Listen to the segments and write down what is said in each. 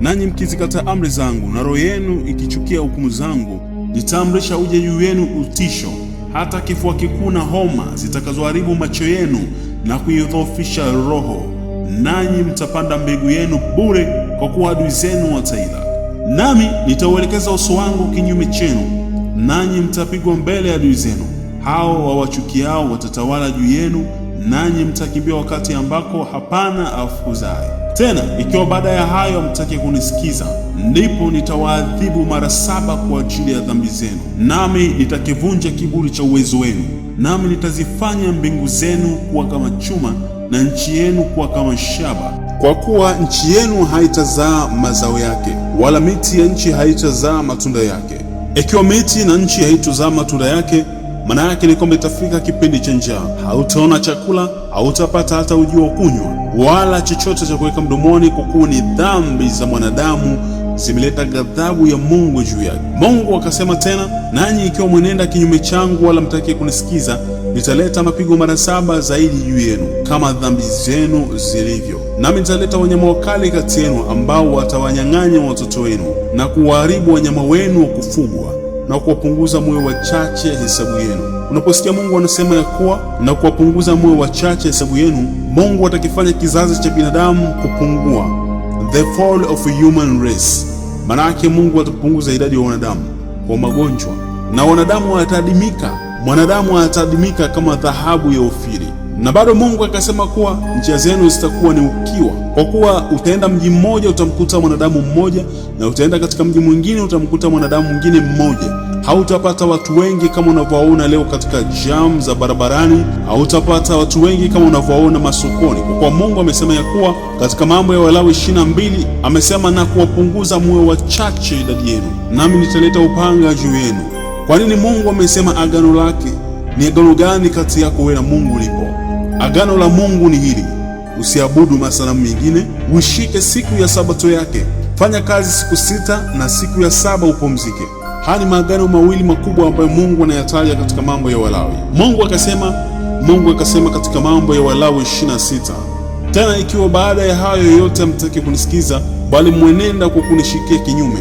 nanyi mkizikataa amri zangu na roho yenu ikichukia hukumu zangu, nitaamrisha uje juu yenu utisho, hata kifua kikuu na homa zitakazoharibu macho yenu na kuidhoofisha roho, nanyi mtapanda mbegu yenu bure, kwa kuwa adui zenu wataila. Nami nitauelekeza uso wangu kinyume chenu, nanyi mtapigwa mbele ya adui zenu. Hao wawachukiao watatawala juu yenu nanyi mtakimbia wakati ambako hapana afukuzaye. Tena ikiwa baada ya hayo mtaki kunisikiza, ndipo nitawaadhibu mara saba kwa ajili ya dhambi zenu, nami nitakivunja kiburi cha uwezo wenu, nami nitazifanya mbingu zenu kuwa kama chuma na nchi yenu kuwa kama shaba kwa kuwa nchi yenu haitazaa mazao yake, wala miti ya nchi haitazaa matunda yake. Ikiwa miti na nchi haitozaa matunda yake maana yake ni kwamba itafika kipindi cha njaa, hautaona chakula, hautapata hata uji wa kunywa wala chochote cha kuweka mdomoni, kwa kuwa ni dhambi za mwanadamu zimeleta ghadhabu ya Mungu juu yake. Mungu akasema tena, nanyi ikiwa mwenenda kinyume changu, wala mtakie kunisikiza, nitaleta mapigo mara saba zaidi juu yenu, kama dhambi zenu zilivyo. Nami nitaleta wanyama wakali kati yenu, ambao watawanyang'anya watoto wenu na kuwaharibu wanyama wenu wa kufugwa na kuwapunguza moyo wachache hesabu yenu. Unaposikia Mungu anasema ya kuwa na kuwapunguza moyo wachache hesabu yenu, Mungu atakifanya kizazi cha binadamu kupungua, the fall of human race. Maana yake Mungu atapunguza idadi ya wanadamu kwa magonjwa, na wanadamu watadimika, mwanadamu atadimika kama dhahabu ya Ofiri. Na bado Mungu akasema kuwa njia zenu zitakuwa ni ukiwa, kwa kuwa utaenda mji mmoja utamkuta mwanadamu mmoja, na utaenda katika mji mwingine utamkuta mwanadamu mwingine mmoja. Hautapata watu wengi kama unavyowaona leo katika jam za barabarani, hautapata watu wengi kama unavyowaona masokoni, kwa kuwa Mungu amesema ya kuwa katika Mambo ya Walawi ishirini na mbili amesema na kuwapunguza muwe wachache idadi yenu, nami nitaleta upanga juu yenu. Kwa nini Mungu amesema agano lake? Ni agano gani kati yako wewe na Mungu lipo Agano la Mungu ni hili: usiabudu masanamu mengine, uishike siku ya sabato yake, fanya kazi siku sita na siku ya saba upumzike. Haya ni maagano mawili makubwa ambayo Mungu anayataja katika mambo ya Walawi. Mungu akasema, Mungu akasema katika mambo ya Walawi 26 tena ikiwa baada ya hayo yote hamtaki kunisikiza, bali mwenenda kwa kunishikia kinyume,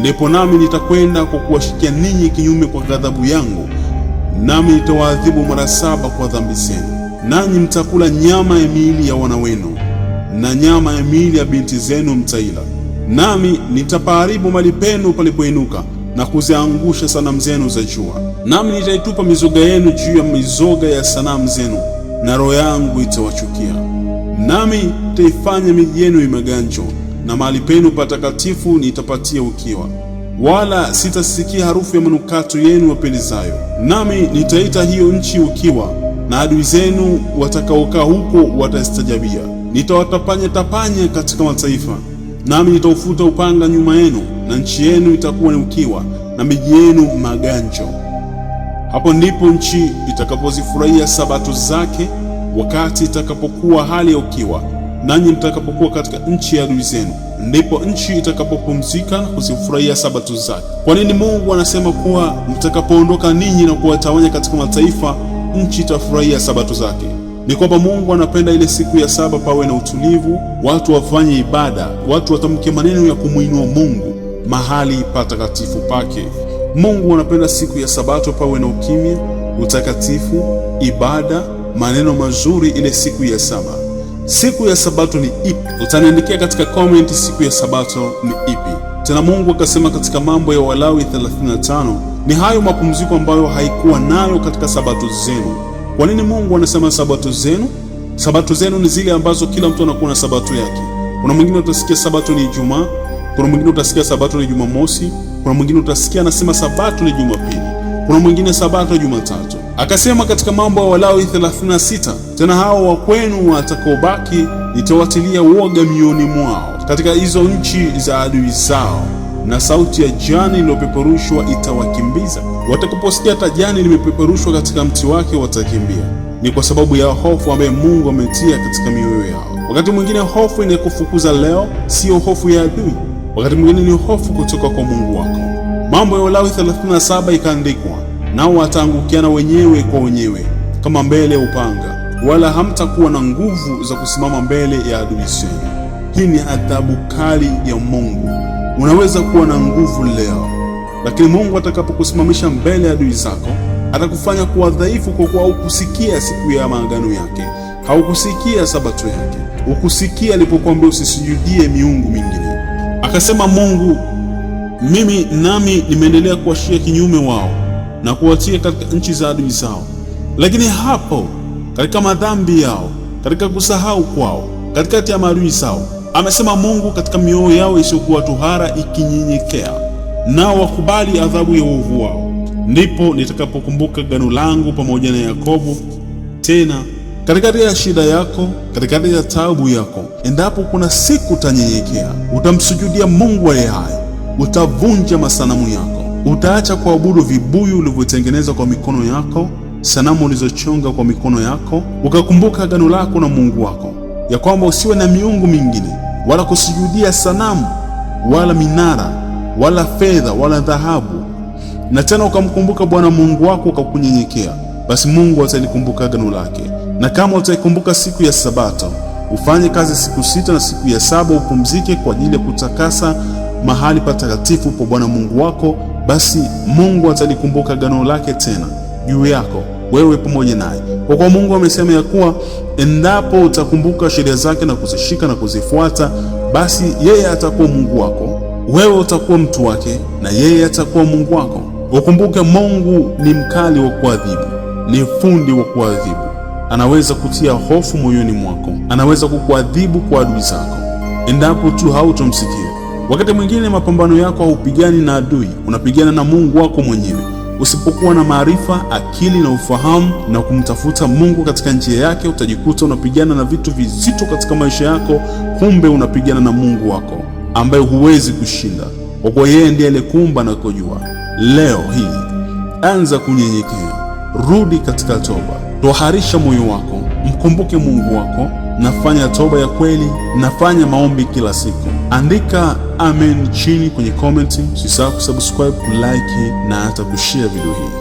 ndipo nami nitakwenda kwa kuwashikia ninyi kinyume kwa ghadhabu yangu, nami nitawaadhibu mara saba kwa dhambi zenu nanyi mtakula nyama ya miili ya wana wenu na nyama ya miili ya binti zenu mtaila. Nami nitapaharibu mali penu palipoinuka na kuziangusha sanamu zenu za jua, nami nitaitupa mizoga yenu juu ya mizoga ya sanamu zenu, na roho yangu itawachukia. Nami nitaifanya miji yenu imeganjo, na mahali penu patakatifu nitapatia ukiwa, wala sitasikia harufu ya manukato yenu wapendezayo. Nami nitaita hiyo nchi ukiwa na adui zenu watakaokaa huko watastajabia. Nitawatapanya tapanya katika mataifa, nami nitaufuta upanga nyuma yenu, na nchi yenu itakuwa ni ukiwa na miji yenu maganjo. Hapo ndipo nchi itakapozifurahia sabato zake, wakati itakapokuwa hali ya ukiwa, nanyi mtakapokuwa katika nchi ya adui zenu, ndipo nchi itakapopumzika na kuzifurahia sabato zake. Kwa nini Mungu anasema kuwa mtakapoondoka ninyi na kuwatawanya katika mataifa nchi itafurahia sabato zake. Ni kwamba Mungu anapenda ile siku ya saba pawe na utulivu, watu wafanye ibada, watu watamke maneno ya kumwinua Mungu mahali patakatifu pake. Mungu anapenda siku ya sabato pawe na ukimya, utakatifu, ibada, maneno mazuri ile siku ya saba. Siku ya sabato ni ipi? Utaniandikia katika comment siku ya sabato ni ipi. Tena Mungu akasema katika Mambo ya Walawi 35 ni hayo mapumziko ambayo haikuwa nayo katika sabato zenu. Kwa nini Mungu anasema sabato zenu? Sabato zenu ni zile ambazo kila mtu anakuwa na sabato yake. Kuna mwingine utasikia sabato ni Ijumaa, kuna mwingine utasikia sabato ni Jumamosi, kuna mwingine utasikia anasema sabato ni Jumapili, kuna mwingine sabato Jumatatu. Akasema katika Mambo ya Walawi 36, tena hao wa kwenu watakaobaki nitawatilia woga mioni mwao katika hizo nchi za adui zao na sauti ya jani iliyopeperushwa itawakimbiza. Watakaposikia hata jani limepeperushwa katika mti wake watakimbia. Ni kwa sababu ya hofu ambaye Mungu ametia katika mioyo yao. Wakati mwingine hofu inayokufukuza leo siyo hofu ya adui, wakati mwingine ni hofu kutoka kwa Mungu wako. Mambo ya Walawi 37 ikaandikwa, nao wataangukiana wenyewe kwa wenyewe kama mbele ya upanga, wala hamtakuwa na nguvu za kusimama mbele ya adui zenu. Hii ni adhabu kali ya Mungu. Unaweza kuwa na nguvu leo, lakini Mungu atakapokusimamisha mbele ya adui zako atakufanya kuwa dhaifu, kwa kuwa hukusikia siku ya maagano yake, haukusikia sabato yake, hukusikia alipokuambia usisujudie miungu mingine. Akasema Mungu, mimi nami nimeendelea kuwashia kinyume wao na kuwatia katika nchi za adui zao. Lakini hapo katika madhambi yao, katika kusahau kwao, katikati ya maadui zao Amesema Mungu katika mioyo yao isiyokuwa tuhara ikinyenyekea, nao wakubali adhabu ya uovu wao, ndipo nitakapokumbuka gano langu pamoja na Yakobo tena katikati ya shida yako, katikati ya taabu yako, endapo kuna siku utanyenyekea, utamsujudia Mungu aliye hai, utavunja masanamu yako, utaacha kuabudu vibuyu ulivyotengeneza kwa mikono yako, sanamu ulizochonga kwa mikono yako, ukakumbuka gano lako na Mungu wako ya kwamba usiwe na miungu mingine wala kusujudia sanamu wala minara wala fedha wala dhahabu, na tena ukamkumbuka Bwana Mungu wako ukakunyenyekea, basi Mungu atalikumbuka agano lake. Na kama utaikumbuka siku ya Sabato, ufanye kazi siku sita, na siku ya saba upumzike kwa ajili ya kutakasa mahali patakatifu pa Bwana Mungu wako, basi Mungu atalikumbuka agano lake tena juu yako wewe pamoja naye. Kwa kuwa Mungu amesema ya kuwa endapo utakumbuka sheria zake na kuzishika na kuzifuata, basi yeye atakuwa Mungu wako, wewe utakuwa mtu wake, na yeye atakuwa Mungu wako. Ukumbuke, Mungu ni mkali wa kuadhibu, ni fundi wa kuadhibu. Anaweza kutia hofu moyoni mwako, anaweza kukuadhibu kwa adui zako endapo tu hautomsikia. Wakati mwingine mapambano yako haupigani na adui, unapigana na Mungu wako mwenyewe. Usipokuwa na maarifa, akili na ufahamu na kumtafuta Mungu katika njia yake, utajikuta unapigana na vitu vizito katika maisha yako, kumbe unapigana na Mungu wako ambaye huwezi kushinda, kwa kuwa yeye ndiye aliyekuumba na kujua. Leo hii anza kunyenyekea, rudi katika toba, toharisha moyo wako, mkumbuke Mungu wako, nafanya toba ya kweli, nafanya maombi kila siku. Andika amen chini kwenye komenti, usisahau kusubscribe, kulike na hata kushare video hii.